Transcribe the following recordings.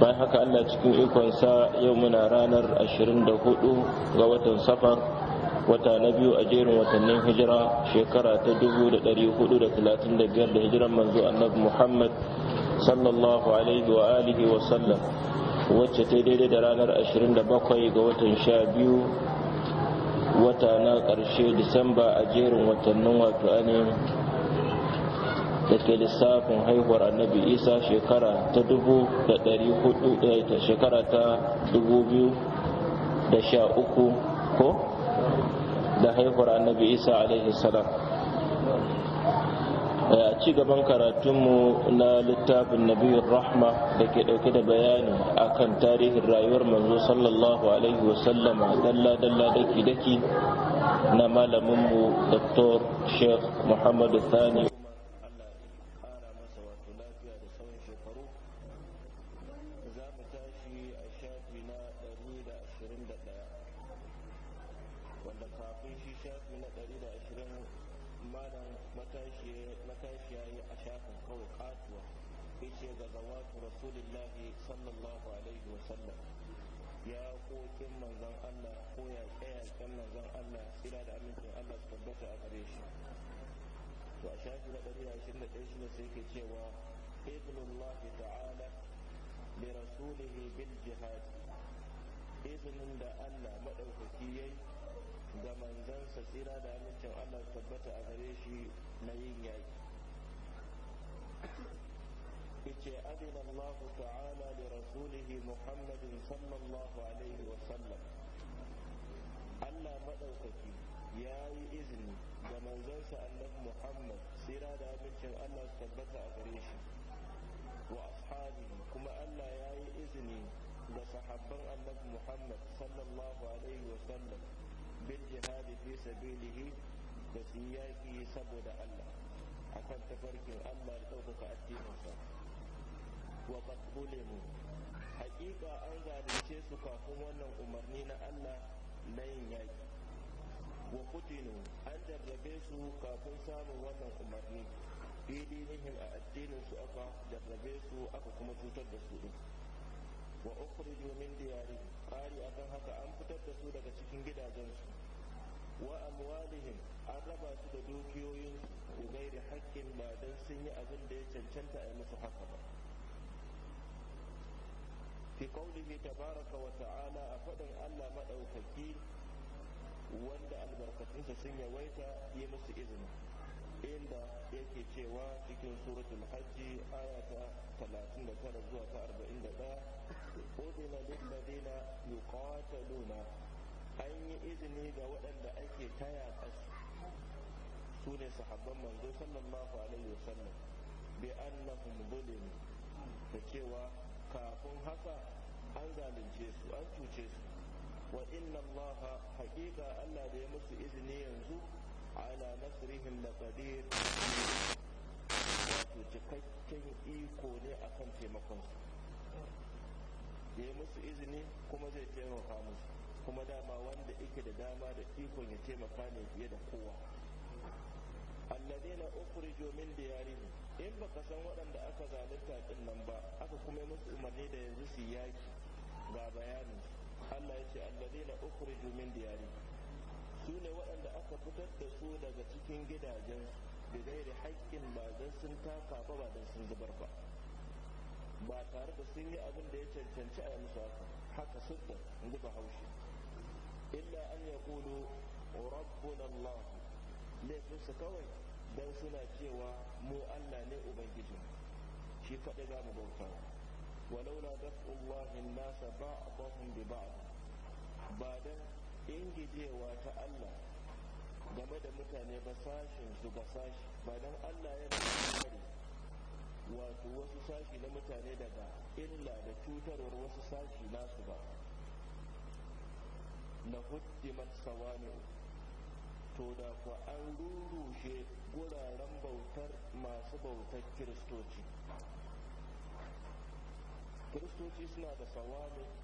bayan haka Allah cikin ikonsa yau muna ranar 24 ga watan safar wata na biyu a jerin watannin hijira shekara ta 1435 da hijiran manzo annabi Muhammad sallallahu alaihi wa alihi wa sallam wacce ta daidai da ranar 27 ga watan 12 wata na ƙarshe disamba a jerin watannin wato ainihin da ke lissafin haihuwar annabi isa shekara ta dubu da ɗari hudu da eh, shekara ta dubu biyu da sha uku ko da haihuwar annabi isa alaihi eh, a ci gaban karatunmu na littafin nabiyar rahma da ke dauke da bayani akan tarihin rayuwar manzo sallallahu alaihi wasallama dalla-dalla daki-daki na malaminmu dr sheikh muhammadu thani wanda kafin shi shafi na ɗari da ashirin malam matashi ya yi a shafin kawai katuwa ya yace ga zawatu rasulillahi sallallahu alaihi wa sallam ya kokin manzon Allah ko ya kayakin manzon Allah ila da amincin Allah su tabbata a gare shi to a shafi na ɗari ashirin da ɗaya shi ne sai ke cewa ibnullah ta'ala li rasulihi bil jihad izinin da Allah maɗaukaki yayi ga manzansa tsira da halittar Allah tabbata a gare shi na yin yaki yace adina Allah ta'ala li rasulihi Muhammadin sallallahu alaihi wa sallam Allah madaukaki ya yi izini ga manzansa annabi Muhammad tsira da halittar Allah tabbata a gare shi wa ashabihi kuma Allah ya yi izini ga sahabban annabi Muhammad sallallahu alaihi wa sallam bil jihadi fi sabilihi da su yaƙi saboda Allah akan tafarkin Allah da ɗaukaka addininsa wa mu haƙiƙa an zalunce su kafin wannan umarni na Allah na yin yaƙi wa kutinu an jarrabe su kafin samun wannan umarni fi dinihin a addininsu aka jarrabe su aka kuma cutar da su ɗin wa ukhriju min diyari a akan haka an fitar da su daga cikin gidajensu wa amwalihim an raba su da dukiyoyin da gairi haƙƙin ba dan sun yi abin da ya cancanta a musu haka ba fi qaulihi tabaraka wa ta'ala a faɗin Allah maɗaukaki wanda albarkatunsa sun yawaita yi musu izini inda yake cewa cikin suratul hajji aya ta 39 zuwa ta 41 udina lilladina yuqataluna an yi izini ga waɗanda ake taya kasu su ne sahabban manzo sallallahu alaihi wasallam bi annahum zulimu da cewa kafin haka an zalunce su an cuce su wa inna allaha haƙiƙa allah da ya musu izini yanzu ala nasrihim laqadir wato cikakken iko ne akan taimakon su ya musu izini kuma zai taimaka musu kuma dama wanda yake da dama da ikon ya taimaka ne fiye da kowa alladheena ukhrijo min ne, in baka san waɗanda aka zalunta din nan ba aka kuma yi musu umarni da yanzu su yaki ga bayanin Allah ya ce alladheena ukhrijo min diyarihim su ne waɗanda aka fitar da su daga cikin gidajen da gairi haƙƙin ba don sun taka ba ba don sun zubar ba ba tare da sun yi abin da ya cancanci a yanzu haka haka sukun guba haushi illa an ya kulu rabbun allah su kawai don suna cewa mu allah ne ubangijin shi kaɗai za mu bautawa walaula dafullahi nasa ba'dahum bi ba'd ba don. ingijewa ta Allah game da mutane ba sashin su ba sashi ba don Allah yana kare wato wasu sashi na mutane daga illa da cutarwar wasu sashi nasu ba na huddimat sawani to da ku an rurushe guraren bautar masu bautar kiristoci kiristoci suna da sawani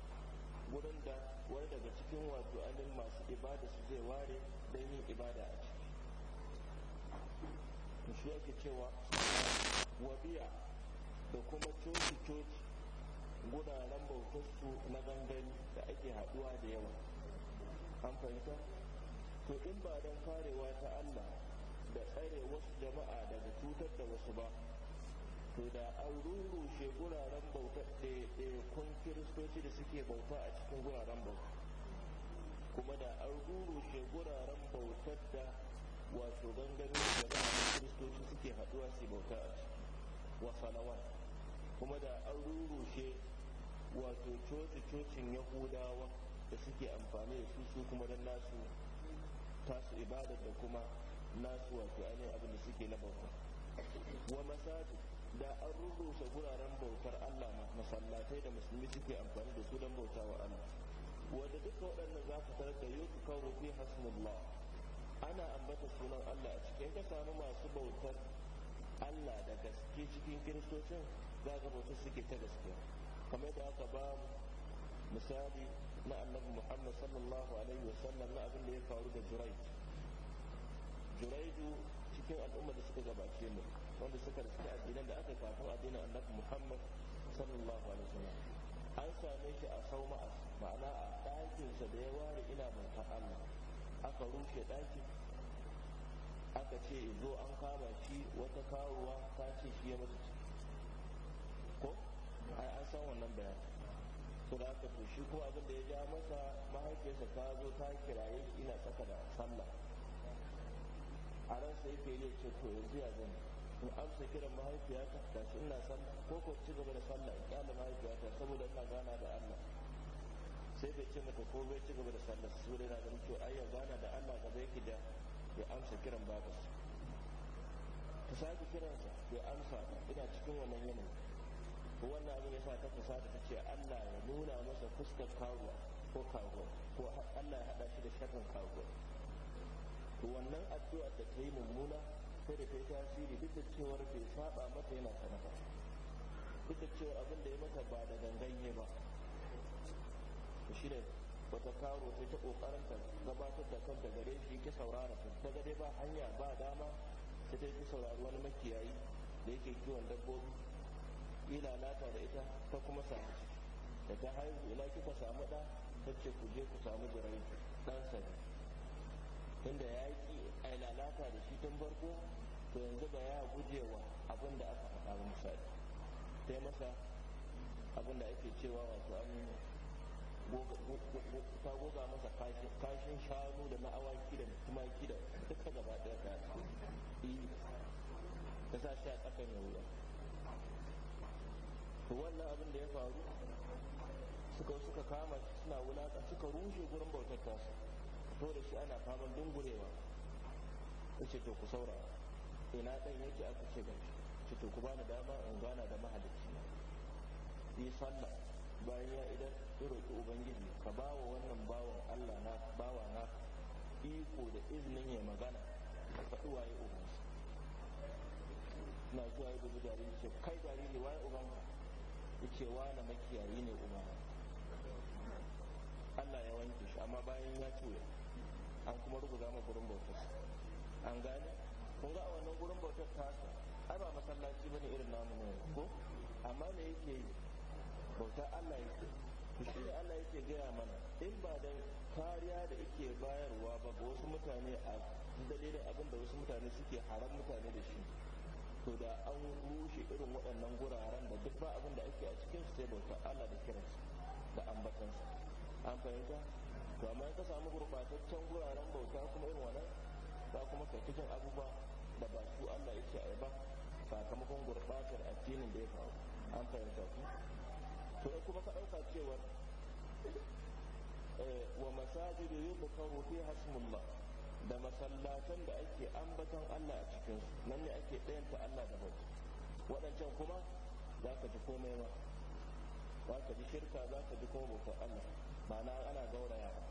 gurin da wani daga cikin wato alin masu ibada su zai ware don yin ibada a ciki to shi yake cewa wabiya da kuma coci-coci guraren bautarsu na gangani da ake haɗuwa da yawa an fahimta to in ba don karewa ta allah da tsare wasu jama'a daga cutar da wasu ba to da an rurushe guraren bauta ɗaiɗaikun kiristoci da suke bauta a cikin guraren bauta kuma da an rurushe guraren bautar da wato gangami da jama'a kiristoci suke haɗuwa su bauta a ciki wa salawat kuma da an rurushe wato coci-cocin yahudawa da suke amfani da su su kuma don nasu tasu ibadar da kuma nasu wato ainihin abin da suke na bauta wa masajid da an rurrusa guraren bautar Allah masallatai da musulmi suke amfani da su don bauta wa Allah wanda duka waɗannan za ka tarar da yau kawo rufi hasmullah ana ambata sunan Allah a cikin ka samu masu bautar Allah da gaske cikin kiristocin za ka bautar suke ta gaske kamar da aka ba misali na annabi Muhammad sallallahu alaihi sallam, na abin da ya faru da Juraij Juraiju cikin al'ummar da suka gabace mu wanda suka riski addinin da aka kafin addinin annabi muhammad sallallahu alaihi wasallam an same shi a a. ma'ana a ɗakinsa da ya ware ina bautar allah aka rushe ɗakin aka ce zo an kama shi wata kawuwa ta ce shi ya mutu ko ai an san wannan bayan to da aka to shi ko abin da ya ja masa mahaifiyarsa ta zo ta kiraye ina saka da sallah a ransa yake yi ce to yanzu ya zama in amsa kiran mahaifiyata ga shi ina sallah ko ko ci gaba da sallah in kyala mahaifiyata saboda ina gana da Allah sai bai ce mata ko bai ci gaba da sallah su dai na da mutu ya gana da Allah gaba yake da ya amsa kiran babarsa ta sake sa ya amsa ina cikin wannan yanayi wannan abin ya sa ta fusata ta ce Allah ya nuna masa fuskar kawuwa ko karuwa ko Allah ya hada shi da sharrin karuwa to wannan addu'a da ta yi mummuna sai da ta yi tasiri duk da cewar bai saba mata yana ba duk da cewar abin da ya mata ba da ganganye ba shi ne wata karo sai ta kokarin ta gabatar da kanta gare shi ki saurara ta daga dai ba hanya ba dama sai ta yi saurari wani makiyayi da yake kiwon dabbobi ila lata da ita ta kuma samu ciki da ta haihu ina kika samu da ta ce ku je ku samu birai ɗansa ne tunda ya yi a lalata da shi tun farko to yanzu ba ya gujewa abin da aka faɗa ba misali sai masa abin da ake cewa wato an ta goga masa kashin shanu da na awaki da tumaki da duka gaba ɗaya ta yi ta sa shi a tsakan yawuwa to wannan abin da ya faru suka suka kama suna wulaƙa suka rushe gurin bautar tasu to da shi ana faman dungurewa ta ce to ku saurara ina eh, ɗan yake aka ce ga shi to ku bani dama in gana da mahalicci yi sallah bayan ya idan ya roƙi ubangiji ka ba wa wannan bawan allah na bawa na iko da izinin ya magana ka faɗi waye ubansa na zuwa ya gudu jariri ce kai jariri waye ubanka ya ce wane makiyayi ne ubanka allah ya wanke shi amma bayan ya ce an kuma rubuta ma gurin bautar an gane kun ga a wannan gurin bautar tasa ai ba masallaci bane irin namu ne ko amma me yake yi bautar Allah yake shi ne Allah yake gaya mana in ba dan kariya da yake bayarwa ba ga wasu mutane a dalilin abin da wasu mutane suke haram mutane da shi to da an rushe irin waɗannan guraren da duk ba abin da ake a cikin sai bautar Allah da kiransa da ambatansa an fahimta to amma ka samu gurɓataccen guraren bauta kuma irin wannan Ka kuma kai jin abubuwa da ba su Allah yake ai ba sakamakon gurbatar addinin da ya faru an fahimta ku to kuma ka ɗauka cewa eh, wa masajidu yuzkaru fi hasmullah da masallatan da ake ambaton Allah a cikin su nan ne ake ɗayanta Allah da bauta waɗancan kuma za ka ji komai ba za ka ji shirka za ka ji kuma bautan Allah ma'ana ana gauraya ba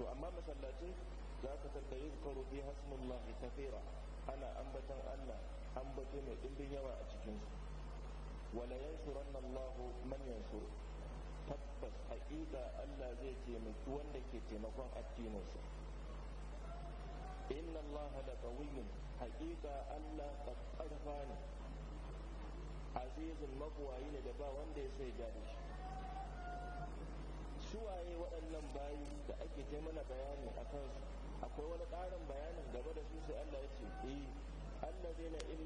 to amma masallacin za ka tarda yin karo fi hasmullahi kafira ana ambatan allah ambato mai ɗimbin yawa a cikinsu wala yansuranna lahu man su, tabbas haƙiƙa allah zai taimaki wanda ke taimakon addininsa inna allah da qawiyyun haƙiƙa allah ƙarfa ne azizun mabuwayi ne da ba wanda ya sai gane shi suwaye waɗannan bayi da ake ta mana bayani a kansu akwai wani ƙarin bayanin gaba da su sai Allah ya ce eh allazina in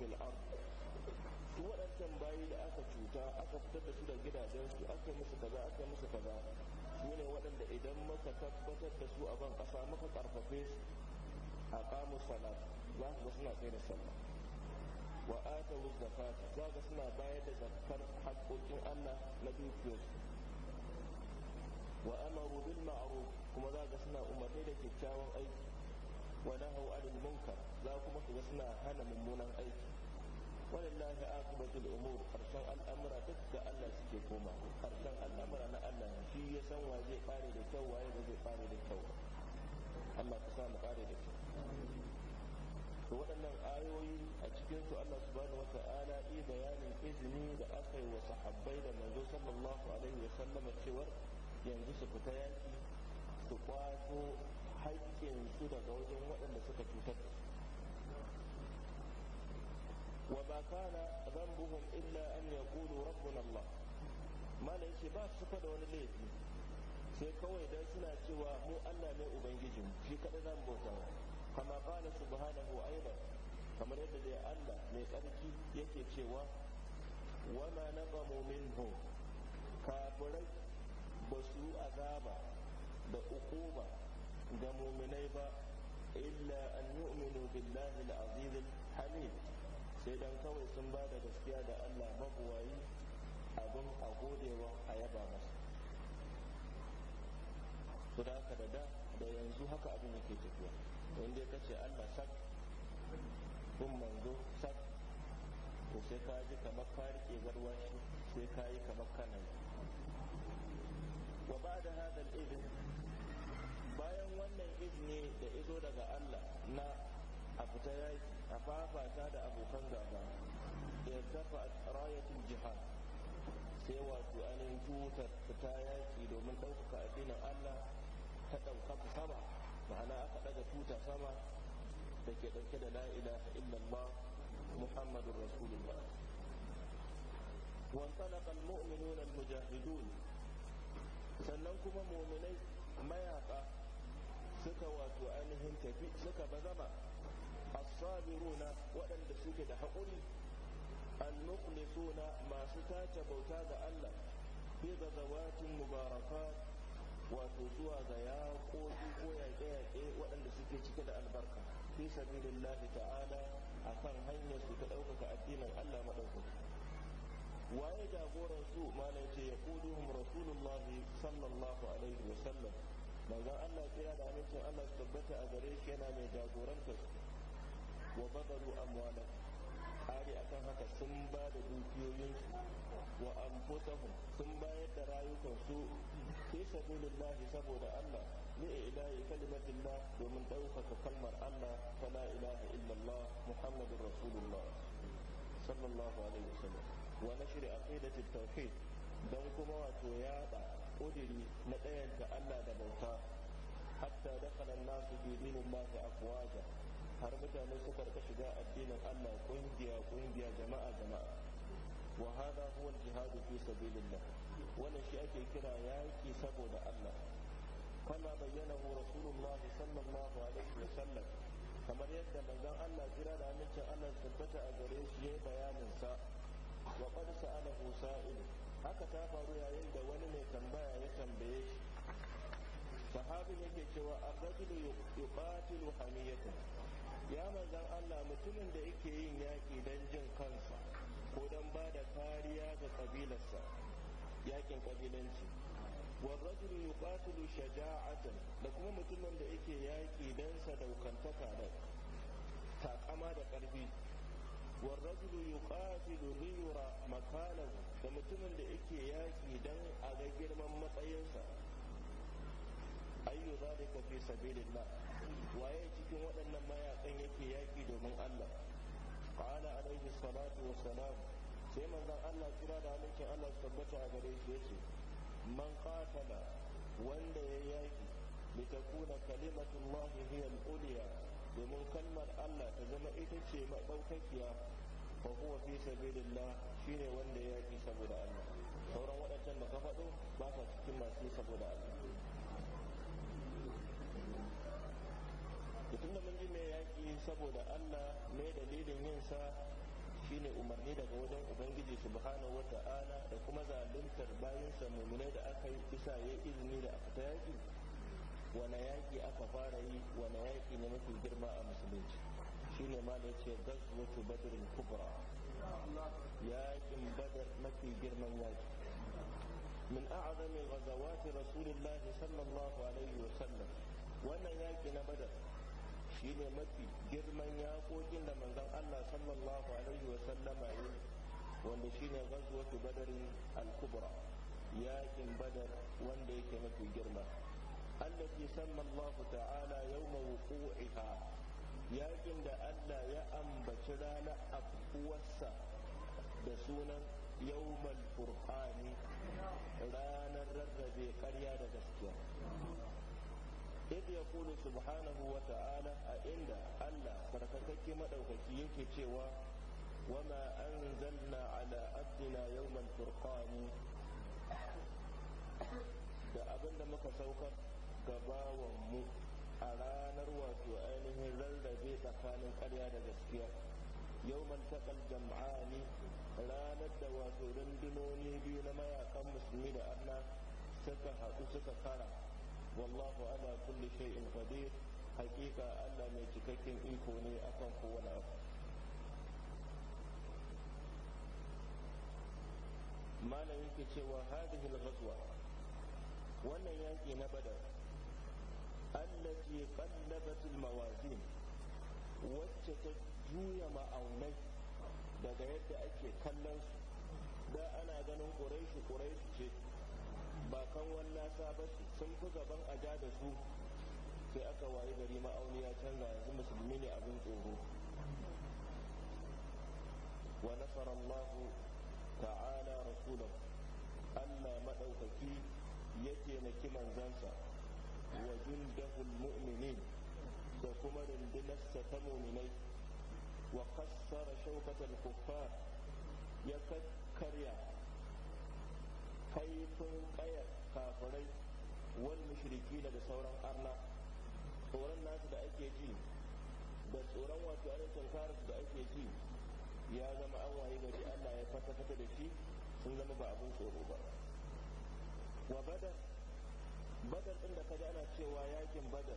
fil ard su waɗancan bayi da aka cuta aka fitar da su da gidajensu aka musu kaza aka musu kaza su ne waɗanda idan muka tabbatar da su a ban ƙasa muka ƙarfafe su a kamu salat za su ga suna tsaye da sallah wa atawu zakat za ga suna bayar da zakar haƙoƙin Allah na dukiyarsu wa amaru bil ma'ruf kuma za ga suna umarni da kyakkyawan aiki wa nahaw anil munkar za kuma su ga suna hana mummunan aiki walillahi aqibatul umur karshen al'amura duk ga Allah suke koma karshen al'amura na Allah shi ya san wa zai kare da kyau waye ba zai kare da kyau Allah ka sa mu kare da kyau to waɗannan ayoyi a cikin su Allah subhanahu wata'ala yi bayanin izini da aka yi wa sahabbai da manzo sallallahu alaihi wa sallam cewar yanzu su fita yaki su kwato haƙƙinsu daga wajen waɗanda suka cutar da su buhun illa an ya kulu يقولوا Allah mana yake ba su fada wani laifi sai kawai dan suna cewa mu Allah ne ubangijin shi kada zan bauta kama qala subhanahu aidan kamar yadda dai Allah mai tsarki yake cewa wama naqamu minhu kafirai ba su azaba da ukuba ga muminai ba illa an yu'minu billahi al-aziz al sai dan kawai sun ba da gaskiya da Allah mabuwayi abin a godewa a yaba masa su da aka da da yanzu haka abin yake tafiya wanda ka ce Allah sak kun manzo sak to sai ka ji kamar ka garwashi sai ka yi kamar kanan wa ba da hadal izini bayan wannan izini da izo daga Allah na a fita yaki a fafata da abokan gaba ya tafa rayatul jihad sai wato ainihin tutar fita yaki domin ɗaukaka addinin Allah ta ɗaukaka sama ma'ana aka ɗaga tuta sama da ke ɗauke da la ilaha illallah muhammadun rasulullah وانطلق المؤمنون ne. sannan kuma muminai mayaka suka wato ainihin tafi suka bazama as-sabiruna waɗanda suke da haƙuri al suna masu tace bauta ga Allah fi gazawatin mubarakat wato zuwa ga yaƙoƙi ko yaƙe-yaƙe waɗanda suke cike da albarka fi sabilillahi ta'ala akan hanyar su ta ɗaukaka addinin Allah maɗaukaki waye jagoran su malam ce ya kuduhum wasallam manzon Allah kira da amincin Allah su tabbata a gare shi yana mai jagorantar wa badaru amwalan akan haka sun ba da dukiyoyin wa anfusahum sun bayar da rayukansu fi sabilillahi saboda Allah li ilahi kalimatillah domin ɗaukaka kalmar Allah ta la ilaha illallah muhammadur rasulullah sallallahu alaihi wasallam wa nashri aqidatit tauhid dan kuma wato yada udiri na ɗaya da Allah da bauta hatta dakhala an-nasu fi dinillahi afwaja har mutane su rika shiga addinin Allah ƙungiya-ƙungiya, jama'a jama'a wa hada huwa al fi sabilillah wannan shi ake kira yaki saboda Allah kana bayyana rasulullahi sallallahu alaihi wa sallam kamar yadda manzon Allah jira da amincin Allah tabbata a gare shi yayin bayanin sa wa qad sa'alahu sa'ilun haka ta faru yayin da wani mai tambaya ya tambaye shi sahabin ke cewa ar-rajulu yuqatilu hamiyatan ya manzan Allah mutumin da yake yin yaƙi don jin kansa ko don ba da kariya ga kabilarsa yaƙin kabilanci والرجل يقاتل شجاعة da kuma mutumin da yake yaƙi don sadaukantaka da takama da ƙarfi والرجل يقاتل ليرى مكانه da mutumin da yake yaki dan a ga girman matsayinsa ayyu zalika fi sabilillah waye cikin waɗannan mayakan yake yaki domin Allah qala alaihi salatu wassalam sai manzan Allah kira da halikin Allah tabbata a gare shi yace man qatala wanda ya yaki litakuna kalimatullahi hiya al domin kalmar Allah ta zama ita ce maɗaukakiya fa kuma fi shi shine wanda ya yi saboda Allah sauran waɗancan da ka faɗo ba sa cikin masu saboda Allah mutum da mun mai yaƙi saboda Allah mai dalilin yin yinsa shine umarni daga wajen ubangiji subhanahu wata'ala da kuma zaluntar bayansa mummunai da aka yi isa ya izini da aka ta yaƙi wane yaƙi aka fara yi wane yaƙi ne mafi girma a musulunci shi ne ma da ce gazwatu badrin kubra yaƙin badar mafi girman yaƙi min a'zami ghazawati rasulillahi sallallahu alaihi wa sallam wannan yaƙi na badar shi ne mafi girman yaƙoƙin da manzon Allah sallallahu alaihi wa sallama yi wanda shi ne gazwatu badarin al-kubra yaƙin badar wanda yake mafi girma التي سمى الله تعالى يوم وقوعها yakin da Allah ya ambaci ranar afkuwarsa da sunan yawmal furqani ranar rarrabe karya da gaskiya إذ يقول سبحانه وتعالى أئن ألا فرككك مدوكك يكتوى وما أنزلنا على عبدنا يوم الفرقان da abin da muka saukar gabawanmu a ranar wato ainihin rarrabe tsakanin karya da gaskiya yau jama'a jam'ani ranar da wato rundunoni biyu na mayakan musulmi da allah suka haɗu suka kara wallahu ala kulli shay'in qadir haƙiƙa allah mai cikakken iko ne akan kowane abu malam yake cewa hadhihi al-ghazwa wannan yaƙi na badar allati qallabat almawazin wacce ta juya ma'aunai daga yadda ake kallon su da ana ganin quraishi quraishi ce ba kan wannan ba su sun fi gaban aja da su sai aka wayi gari ma'auni ya canza yanzu musulmi ne abin tsoro wa nasarallahu ta'ala rasulahu Allah madaukaki yake naki zansa. wa jundahul mu'minin da kuma rundunarsa ta muminai wa kassara shaukatar kuffar ya karya kaifin kayar kafirai wal mushriki da sauran arna tsoron nasu da ake ji da tsoron wato ainihin karas da ake ji ya zama an waye gari allah ya fata fata da shi sun zama ba abin tsoro ba wa badar din da kaji ana cewa yakin badar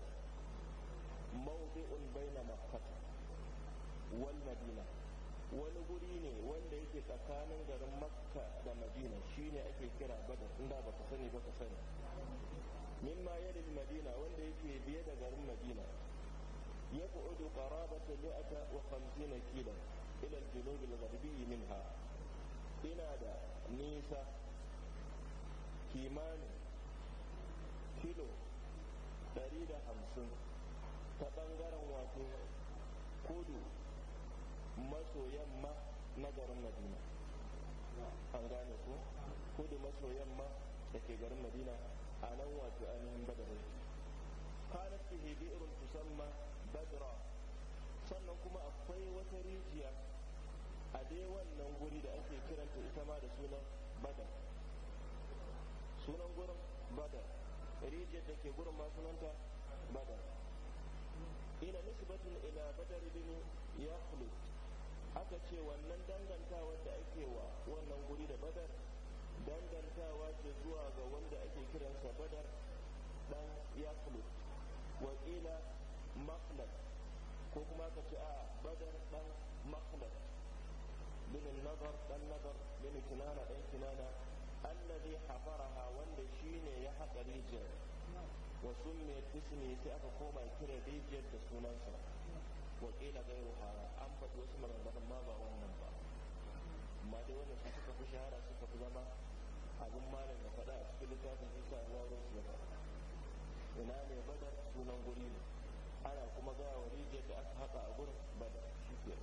mawdi'un baina makkah wal madina wani guri ne wanda yake tsakanin garin makka da madina shine ake kira badar inda ba ka sani ba ka sani ma yadda madina wanda yake biye da garin madina ya ku'udu qarabata mi'ata wa khamsina kilo ila al-junub al-gharbi minha ina da nisa kimanin kilo 150 ta bangaren wato kudu maso yamma na garin madina an gane ko kudu maso yamma da ke garin madina a nan wato ainihin badarai kanar irin su tusamma badra sannan kuma akwai wata rijiya a dai wannan guri da ake kiranta ita ma da sunan badar sunan gurin badar rijiyar da ke gurin ma sunanta badar ila nisbatun ila badar bin ya aka ce wannan dangantawa da ake wa wannan guri da badar dangantawa ce zuwa ga wanda ake kiransa badar dan ya wakila makhlad ko kuma ka ce a badar dan makhlad min nazar dan nazar min kinana dan kinana allazi hafaraha wanda shine ya haƙa rijiyar wa mai ismi sai aka koma kira rijiyar da sunansa wa qila ghayruha an faɗi wasu maganganun ma ba wannan ba amma dai wannan su suka fi shahara suka fi zama abin malam ya faɗa a cikin littafin isa ya waro su ya ina ne badar sunan guri ne ana kuma gaya wa rijiyar da aka haƙa a gurin badar shi ke.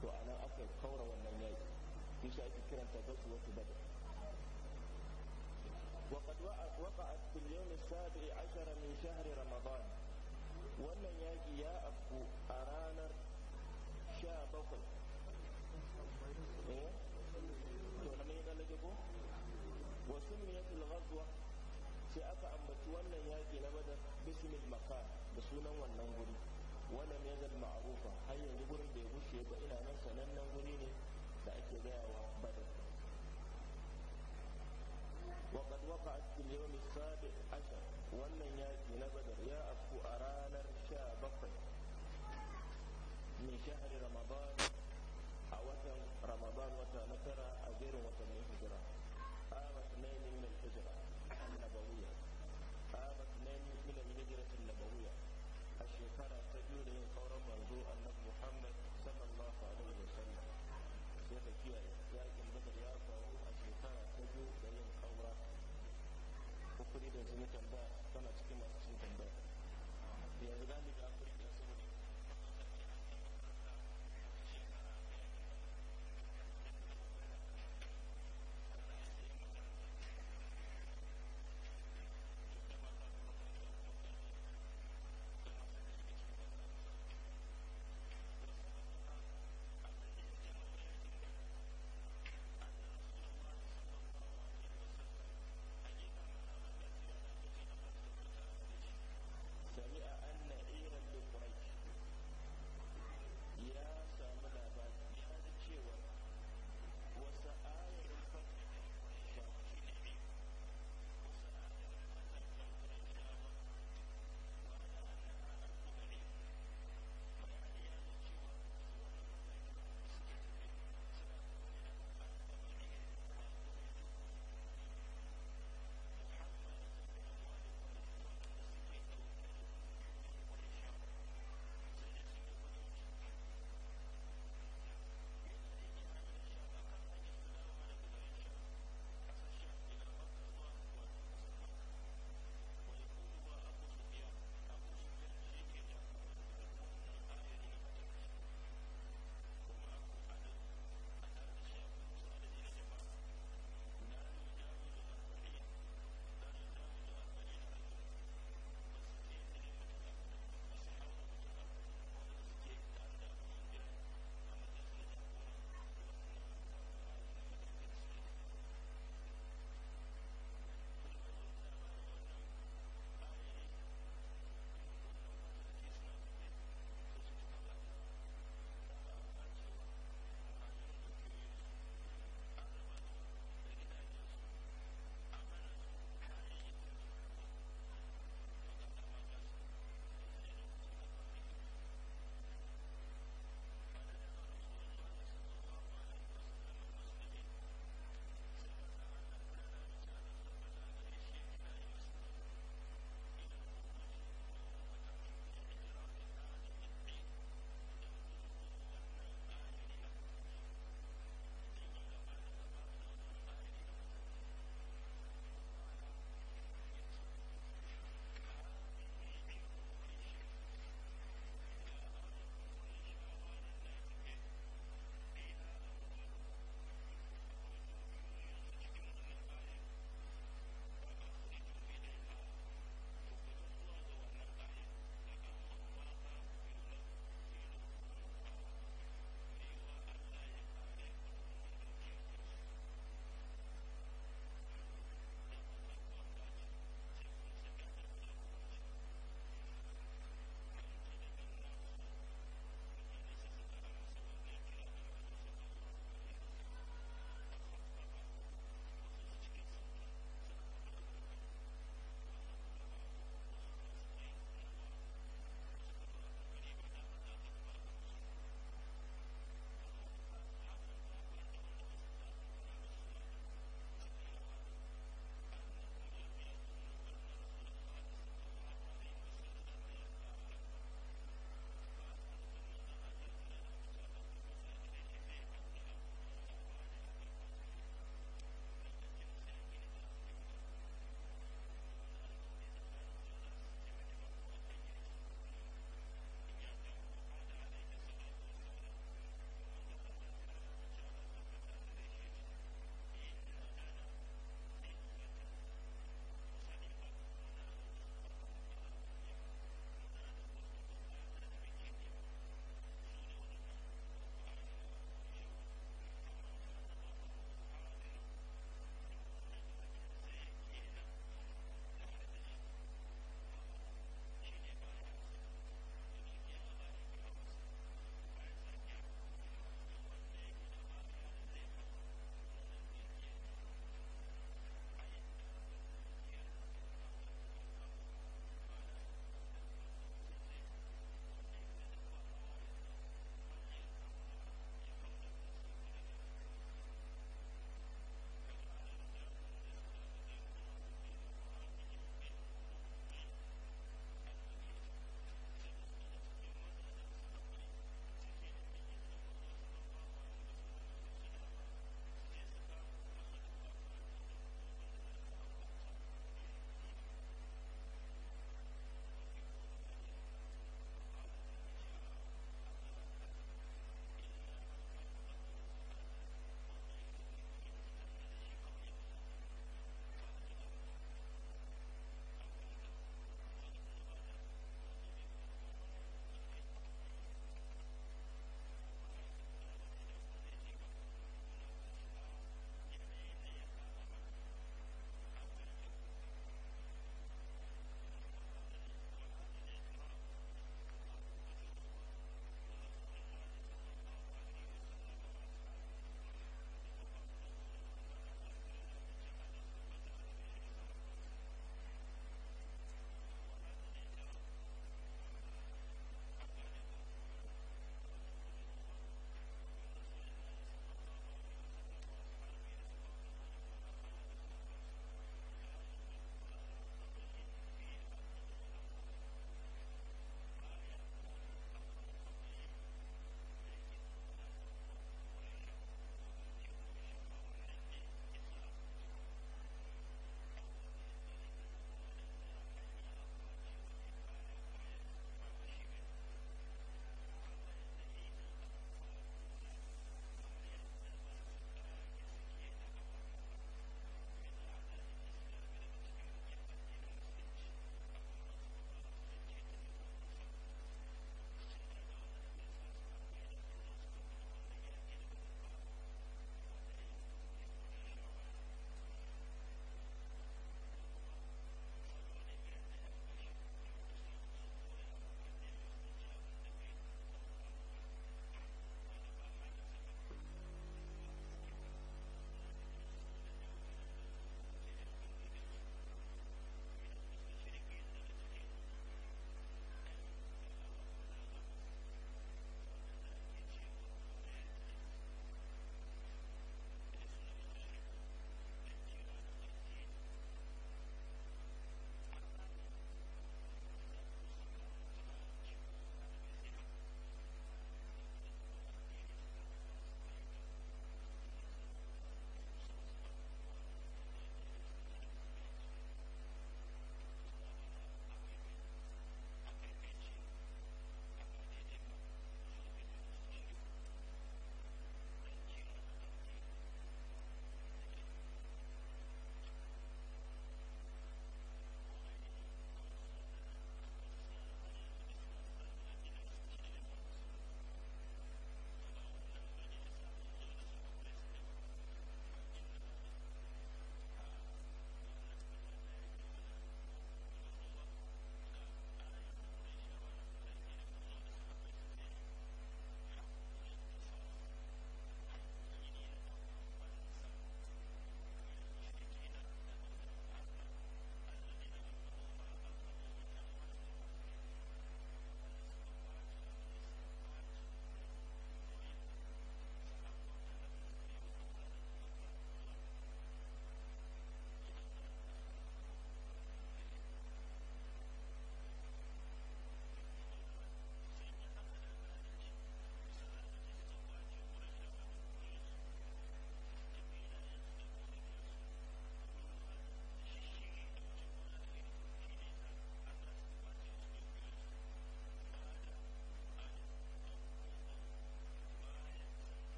to a nan aka kaura wannan yaƙi shi ake kiranta su wasu badar وقد وقعت في اليوم السابع عشر من شهر رمضان wannan yaƙi ya afku a ranar sha bakwai eh to na ne sai aka ambaci wannan yaƙi na badar bismil maka da sunan wannan guri wannan ya zal har yanzu gurin bai bushe ba ina nan sanannen guri ne da ake gayawa wannan yaki na badar ya afku a ranar sha bakwai min shahari ramadan a watan ramadan wata na tara a jerin watannin hijira ama tunaini min hijira an-nabawiyya ama tunaini min hijira an-nabawiyya a shekara ta biyu da yin kauran manzo annabi muhammad sallallahu alaihi wasallam sai ka kiyaye yaƙin badar ya faru a shekara ta biyu da yin kuɗi da jini tambaya tana cikin masu cin tambaya yanzu gani afirka